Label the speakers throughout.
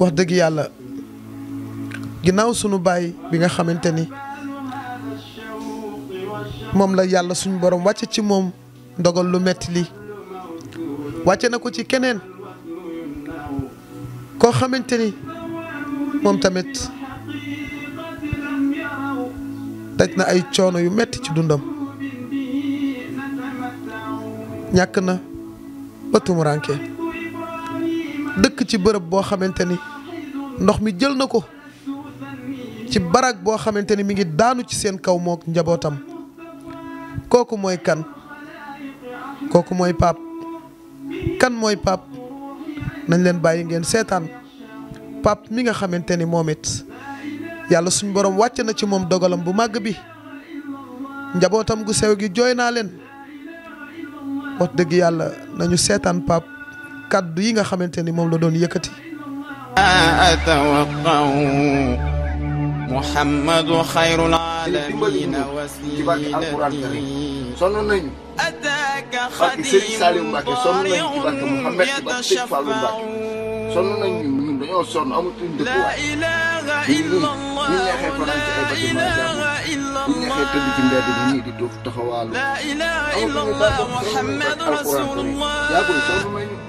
Speaker 1: wax dëgg yàlla ginnaaw sunu baay bi nga xamante ni moom la yàlla suñu borom wàcce ci moom ndogal lu metti li wàcce na ko ci keneen koo xamante ni moom tamit daj na ay coono yu metti ci dundam ñàkk na ba tumuraanke dekk ci bërepp boo xamante ni ndox mi jël na ko ci barak boo xamante ni mi ngi daanu ci seen kaw njabootam kooku mooy kan kooku mooy paap kan mooy pap? nañ leen bàyyi ngeen seetaan paap mi nga xamante ni moom it yàlla suñ borom wàcc na ci moom dogalam bu màgg bi njabootam gu sew gi jooy naa leen wax dëgg yàlla nañu seetaan paap kàddu yi nga xamante ni moom la doon yëkkati
Speaker 2: atawaqaw muhammadu xayrul alamin wasilati
Speaker 3: sonn nañu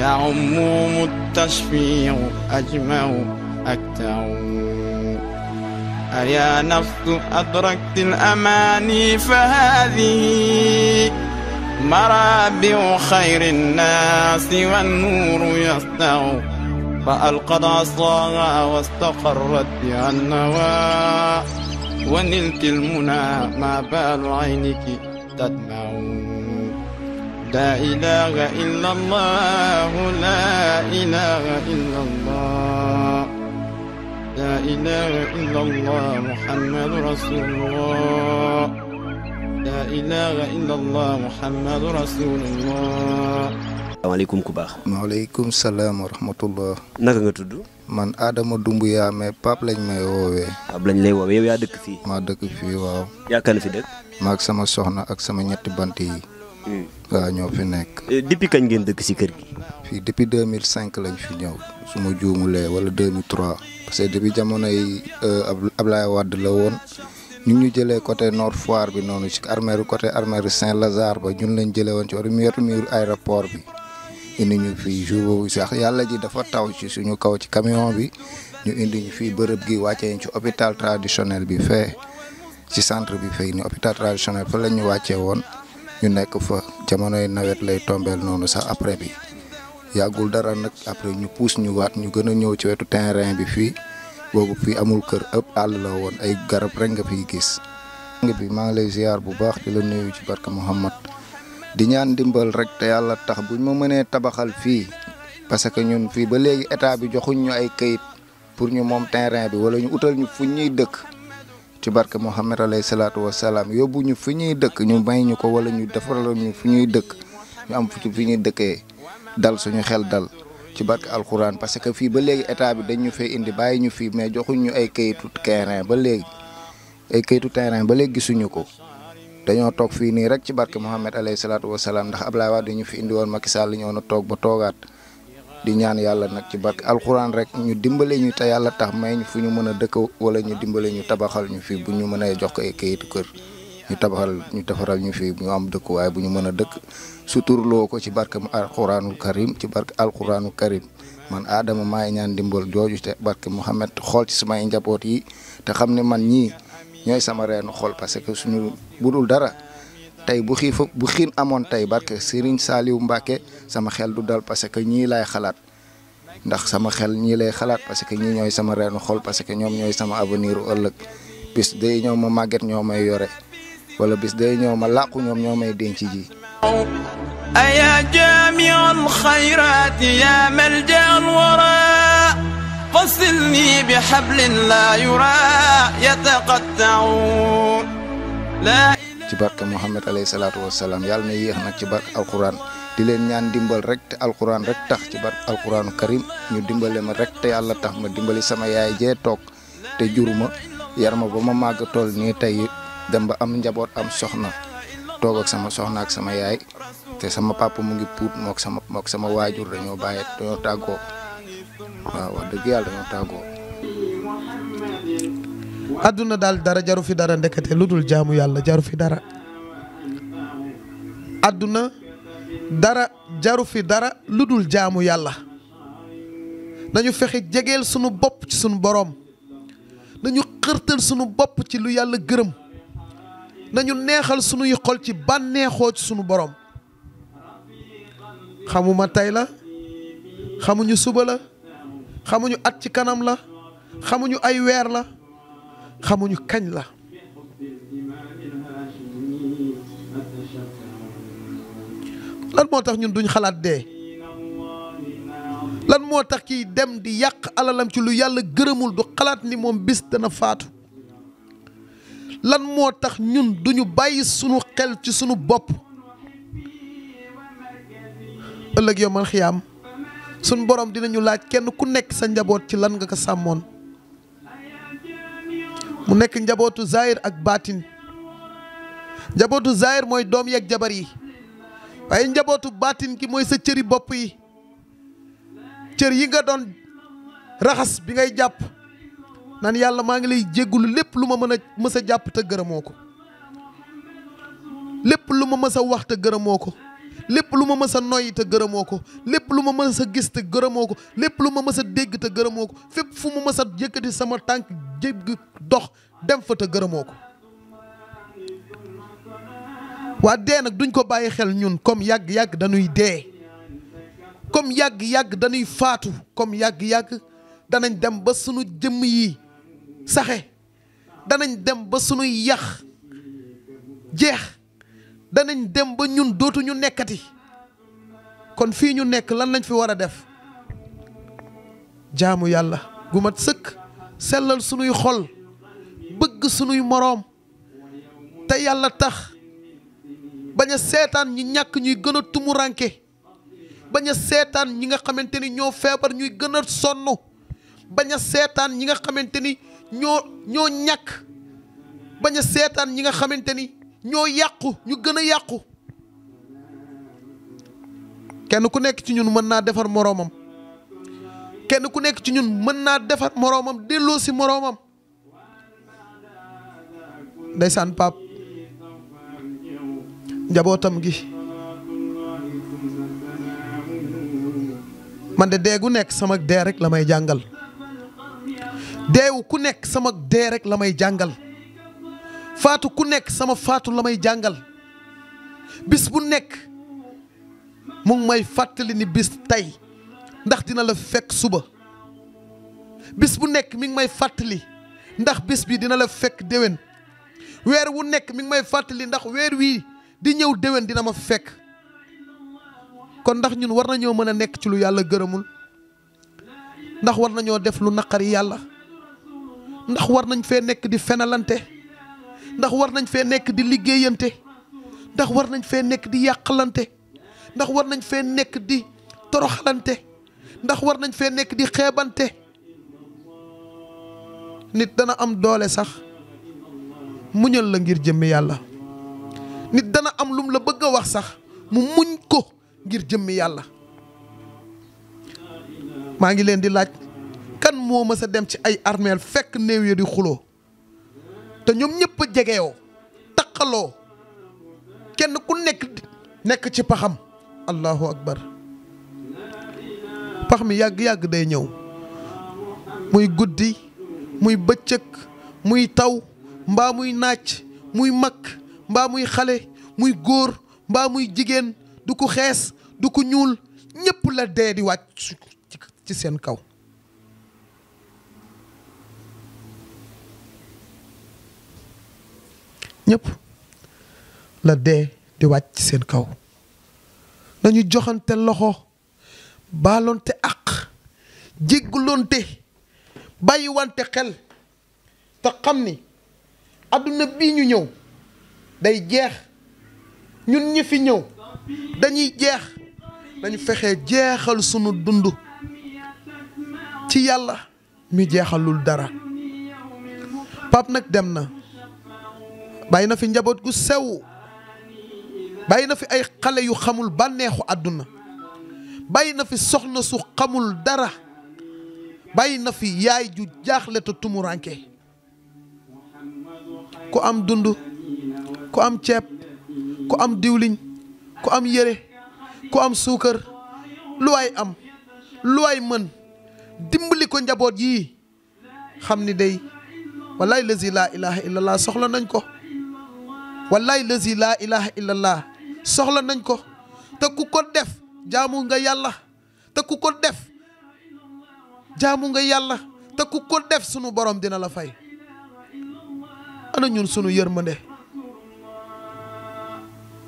Speaker 2: عموم التشفيع أجمع أكتر أيا نفس أدركت الأماني فهذه مرابع خير الناس والنور يسطع فألقد عصاها واستقرت بها النوى ونلت المنى ما بال عينك تدمع لا إله إلا الله لا إله إلا الله لا إله إلا الله محمد رسول الله لا إله إلا الله محمد رسول الله
Speaker 3: waaleykum ku baax. waaleykum salaam wa rahmatullah. naka nga tudd. man Adama Dumbuya mais Pape lañ may woowee. Pape lañ lay woowee yow yaa dëkk fii. maa dëkk fii waaw. yaa kan fi dëkk. maak sama soxna ak sama ñetti bant yi. waaw ñoo fi nekk. Eh, depuis kañ ngeen dëkk ci kër gi. fii depuis 2005 lañ fi ñëw su ma juumulee wala 2003 parce que depuis jamonoy euh, Ablaye Wade la woon ñu ñu jëlee côté Nord Foire bi noonu ci armeeru côté armeeru Saint-Lazare ba ñun lañ jëlee woon ci wàllu miir miir aéroport bi indi ñu fii jour boobu sax yàlla ji dafa taw ci suñu kaw ci camion bi ñu indi ñu fii bërëb gi wàccee ñu ci hôpital traditionnel bi fee ci centre bi fay ni hôpital traditionnel fa ñu wàccee woon. ñu nekk fa jamonoy nawet lay tombel noonu sax après bi yàggul dara nag après ñu puus ñu waat ñu gën a ñëw ci wetu terrain bi fii boobu fii amul kër ëpp àll la woon ay garab rek nga fiy gis nga bi maa ngi lay ziar bu baax di la nuyu ci barka Muhammad di ñaan dimbal rek te yàlla tax buñ ma mënee tabaxal fii parce que ñun fii ba léegi état bi joxuñ ñu ay kayit pour ñu moom terrain bi wala ñu utal ñu fuñ ñuy dëkk ci barke Muhammad alayhi salaatu wa salaam yóbbu ñu fi ñuy dëkk ñu may ñu ko wala ñu defaral ñu fi ñuy dëkk ñu am fi ñuy dëkkee dal suñu xel dal ci barke alxuraan parce que fii ba léegi état bi dañu fee indi bàyyi ñu fii mais joxuñ ñu ay kayitu terrain ba léegi ay kayitu terrain ba léegi gisuñu ko. dañoo toog fii nii rek ci barke Muhammad alayhi salaatu wa salaam ndax Ablaye Wade dañu fi indi woon Macky Sall ñëw na toog ba toogaat. di ñaan yàlla nag ci barke alxuraan rek ñu dimbale ñu te yàlla tax may ñu fu ñu mën a dëkk wala ñu dimbalee ñu tabaxal ñu fii bu ñu mën a jox ko ay kayitu kër ñu tabaxal ñu defaral ñu fii ñu am dëkk waaye bu ñu mën a dëkk suturloo ko ci barke alxuraanul karim ci barke alxuraanul karim man aadama maa ñaan dimbal jooju te barke Mouhamed xool ci samay njaboot yi te xam ne man ñii ñooy sama reenu xool parce que suñu budul dara. tay bu xif bu xiin amone tay barke Serigne saliw mbake sama xel du dal parce que ñi lay xalat ndax sama xel ñi lay xalat parce que ñi ñoy sama reenu xol parce que ñom ñoy sama avenir euleuk bis de ñow ma màgget ñoo may yore wala bis de ñow ma làqu ñom ñoo may denc ji.
Speaker 2: أيا جامع الخيرات يا ملجأ الوراء فصلني بحبل la yura يتقطعون
Speaker 3: la ci barke Mouhamed alayhi salaatu wasalaam yàlla na yéex na ci barke alquran di leen ñaan dimbal rek te alquran rek tax ci barke alquranu karim ñu dimbale ma rek te yàlla tax ma dimbali sama yaay jee toog te jur yar ma ba ma màgg tool nii tey dem ba am njaboot am soxna toog ak sama soxna ak sama yaay te sama papa mu ngi puut mook sama mook sama waajur dañoo bàyyi dañoo tàggoo yàlla dañoo tàggoo
Speaker 1: àdduna daal dara jaru fi dara ndekete lu dul jaamu yàlla jaru fi dara àdduna dara jaru fi dara lu dul jaamu yàlla nañu fexe jegeel sunu bopp ci sunu boroom nañu xërtal sunu bopp ci lu yàlla gërëm nañu neexal sunuy xol ci bànneexoo ci sunu boroom xamuma tey la xamuñu suba la xamuñu at ci kanam la xamuñu ay weer la xamuñu kañ la lan moo tax ñun duñ xalaat dee lan moo tax kiy dem di yàq alalam ci lu yàlla gërëmul du xalaat ni moom bis dana faatu lan moo tax ñun duñu bàyyi sunu xel ci sunu bopp ëllëg yomal xiyaam sunu borom dinañu laaj kenn ku nekk sa njaboot ci lan nga ko sàmmoon mu nekk njabootu zahir ak baatin njabootu zahir mooy doom yeeg jabar yi waaye njabootu baatin ki mooy sa cëri bopp yi cër yi nga doon raxas bi ngay jàpp naan yàlla maa ngi lay jéggulu lépp lu ma mën a mës a jàpp te gërëmoo ko lépp lu ma mës a wax te gërëmoo ko lépp lu ma mës a noyyi gërëmoo ko lépp lu ma mës gis te gërëmoo ko lépp lu ma mës a dégg te gërëmoo ko fépp fu ma mës a yëkkati sama tànk jéggi dox dem fa te gërëmoo ko waa dee nag duñ ko bàyyi xel ñun comme yàgg-yàgg dañuy dee comme yàgg-yàgg dañuy faatu comme yàgg-yàgg danañ dem ba sunu jëmm yi saxe danañ dem ba sunuy yax jeex danañ dem ba ñun dootuñu nekkati kon fii ñu nekk lan lañ fi war a def jaamu yàlla gu sëkk sellal sunuy xol bëgg sunuy moroom te yàlla tax bañ a seetaan ñi ñàkk ñuy gën a tumuranke bañ a seetaan ñi nga xamante ni ñoo feebar ñuy gën a sonn bañ a seetaan ñi nga xamante ni ñoo ñoo ñàkk bañ a seetaan ñi nga xamante ni ñoo yàqu ñu gën a yàqu kenn ku nekk ci ñun mën naa defar moroomam kenn ku nekk ci ñun mën naa Desan moroomam delloo si moroomam ndeysaan pap njabootam gi man de dee gu nekk sama dee rek la may jàngal deewu ku nekk sama dee rek la may jàngal faatu ku nekk sama faatu la may jàngal bis bu nekk mu ngi may fàttali ni bis tey ndax dina la fekk suba bis bu nekk mi ngi may fàttali ndax bis bi dina la fekk déwén weer wu nekk mi ngi may fàttali ndax weer wii di ñëw déwén dina ma fekk kon ndax ñun war nañoo mën a nekk ci lu yàlla gërëmul ndax war nañoo def lu naqari yàlla ndax war nañ fee nekk di fenalante ndax war nañ fee nekk di liggéeyante ndax war nañ fee nekk di yàqalante ndax war nañ fee nekk di toroxalante ndax war nañ fee nekk di xeebante nit dana am doole sax muñal la ngir jëmmi yàlla nit dana am lum la bëgg a wax sax mu muñ ko ngir jëmmi yàlla maa ngi leen di laaj kan moo mës a dem ci ay armeel fekk néew ya di xuloo te ñoom ñëpp a jegewoo taqaloo kenn ku nekk nekk ci paxam allahu akbar pax mi yàgg-yàgg day ñëw muy guddi muy bëccëg muy taw mbaa muy naaj muy mag mbaa muy xale muy góor mbaa muy jigéen du ko xees du ko ñuul ñépp la dee di wàcc ci seen kaw ñépp la dee di wàcc ci seen kaw nañu joxante loxo baalonte ak jéggulonte bàyyiwante xel te xam ni àdduna bii ñu ñëw day jeex ñun ñi fi ñëw dañuy jeex dañu fexe jeexal sunu dund ci yàlla mi jeexalul dara Pape nag dem na bàyyi na fi njaboot gu sew bàyyi na fi ay xale yu xamul bànneexu àdduna bayna fi soxna su xamul dara bayna fi yaay ju jaaxle te tumuranke ku am dundu ku am ceeb ku am diwliñ ku am yére ku am suukar luway am luway man dimbali ko njabot yi xamni day wallaay lazi laa ilaha illallah soxla nañ ko wallahi lazi laa ilaha allah soxla nañ ko te ku ko def jaamu nga yàlla te ku ko def jaamu nga yàlla te ku ko def sunu borom dina la fay ana ñun sunu yërmande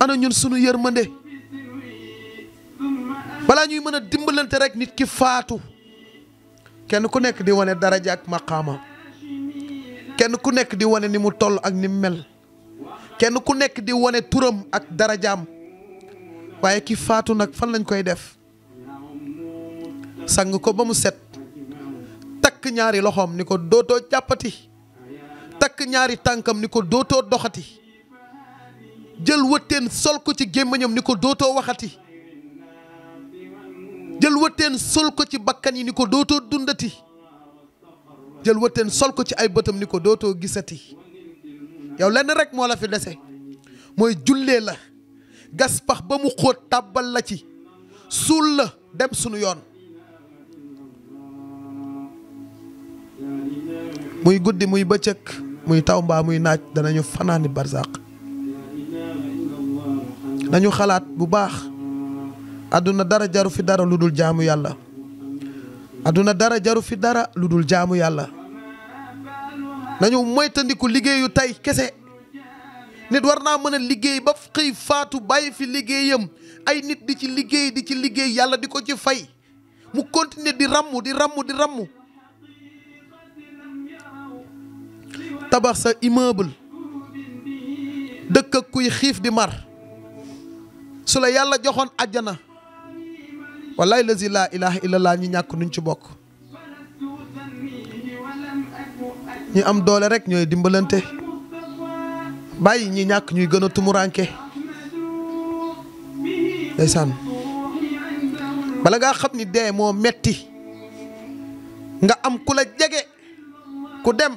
Speaker 1: ana ñun sunu yërmande balaa ñuy mën a dimbalante rek nit ki faatu kenn ku nekk di wane daraja ak maqaama kenn ku nekk di wane ni mu toll ak ni mu mel kenn ku nekk di wane turam ak darajaam waaye ki faatu nag fan lañu koy def sang ko ba mu set takk ñaari loxoom ni ko dootoo jàppati takk ñaari tànkam ni ko dootoo doxati jël wëtteen sol ko ci gémmiñam ni ko dootoo waxati jël wëtteen sol ko ci bakkan yi ni ko dootoo dundati jël wëtteen sol ko ci ay bëtam ni ko dootoo gisati yow lenn rek moo la fi dese mooy jullee la gas pax ba mu xóot tàbbal la ci suul la dem sunu yoon muy guddi muy bëccëg muy taw mbaa muy naaj danañu fanaani barzaq nañu xalaat bu baax àdduna dara jaru fi dara lu dul jaamu yàlla àdduna dara jaru fi dara lu dul jaamu yàlla nañu moytandiku liggéeyu tey kese nit war naa mën a liggéey ba xëy faatu bàyyi fi liggéeyam ay nit di ci liggéey di ci liggéey yàlla di ko ci fay mu continuer di ràmm di ràmm di ràmm tabax sa immeuble dëkk ak kuy xiif di mar su la yàlla joxoon àjjana wallaay lazi laa ilaha illallah ñu ñàkk nuñ ci bokk ñu am doole rek ñooy dimbalante bàyyi ñi ñàkk ñuy gën a tumuranke ndeysaan bala ngaa xam ni dee moo metti nga am ku la jege ku dem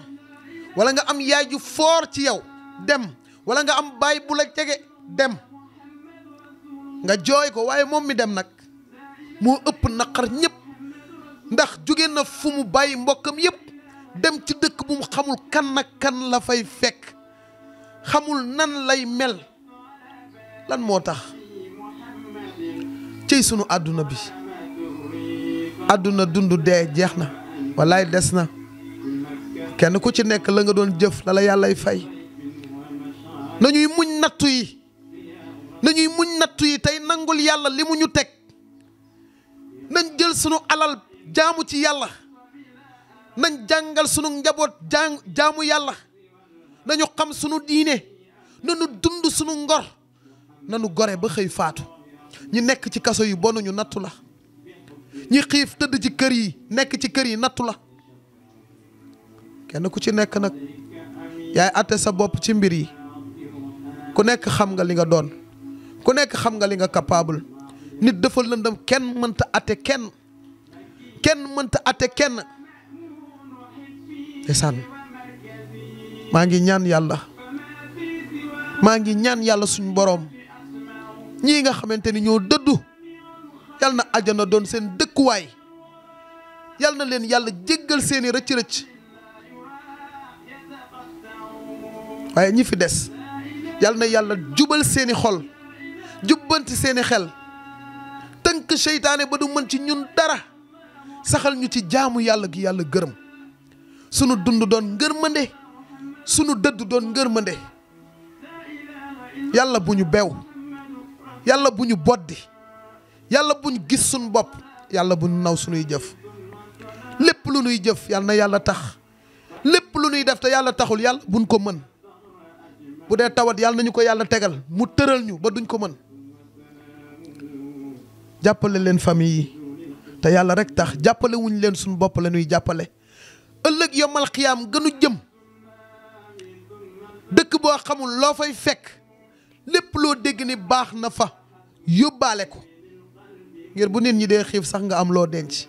Speaker 1: wala nga am yaay ju foor ci yow dem wala nga am baay bu la jege dem nga jooy ko waaye moom mi dem nag moo ëpp naqar ñëpp ndax jóge na fu mu bàyyi mbokkam yëpp dem ci dëkk bu mu xamul kan nag kan la fay fekk xamul nan lay mel lan moo tax cëy sunu àdduna bi àdduna dund dee jeex na walaay des na kenn ku ci nekk la nga doon jëf la la yàllay fay nañuy muñ nattu yi nañuy muñ nattu yi tey nangul yàlla li mu ñu teg nañ jël sunu alal jaamu ci yàlla nañ jàngal sunu njaboot jaamu yàlla dañu xam sunu diine nanu dund sunu ngor nanu gore ba xëy faatu ñi nekk ci kaso yi yu bonuñu nattu la ñi xiif tëdd ci kër yi nekk ci kër yi nattu la kenn ku ci nekk nag yaay àtte sa bopp ci mbir yi ku nekk xam nga li nga doon ku nekk xam nga li nga capable nit dafa lëndam kenn mënta àtte kenn kenn mënta àtte kenn ndeysaan maa ngi ñaan yàlla maa ngi ñaan yàlla suñu boroom ñii nga xamante ni ñoo dëddu yal na àjjana doon seen dëkkuwaay yal na leen yàlla jéggal seeni rëcc-rëcc waaye ñi fi des yal na yàlla jubal seeni xol jubbanti seeni xel tënk seytaane ba du mën ci ñun dara saxal ñu ci jaamu yàlla gi yàlla gërëm sunu dund doon ngërmande sunu dëdd doon ngërmande yàlla bu ñu bew yàlla bu ñu boddi yàlla bu ñu gis suñu bopp yàlla bu ñu naw suñuy jëf lépp lu nuy jëf yàlla na yàlla tax lépp lu nuy def te yàlla taxul yàlla buñ ko mën bu dee tawat yàlla nañu ko yàlla tegal mu tëral ñu ba duñ ko mën jàppale leen famille yi te yàlla rek tax jàppale leen suñu bopp la ñuy jàppale ëllëg yomal xiyaam gënu jëm dëkk boo xamul loo fay fekk lépp loo dégg ni baax na fa yóbbaale ko ngir bu nit ñi dee xiif sax nga am loo denc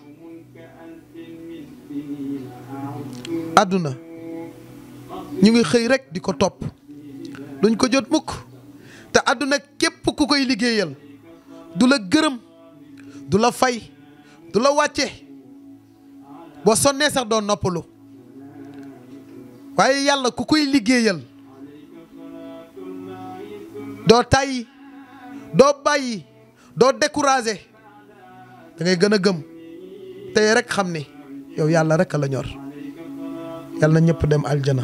Speaker 1: àdduna ñu ngi xëy rekk di ko topp duñ ko jot mukk te àdduna képp ku koy liggéeyal du la gërëm du la fay du la wàcce boo sonnee sax doo noppalu waaye yàlla ku koy liggéeyal doo tàyyi doo bàyyi doo découragé da ngay gën a gëm tey rek xam ni yow yàlla rek a la ñor yàlla na ñëpp dem aljana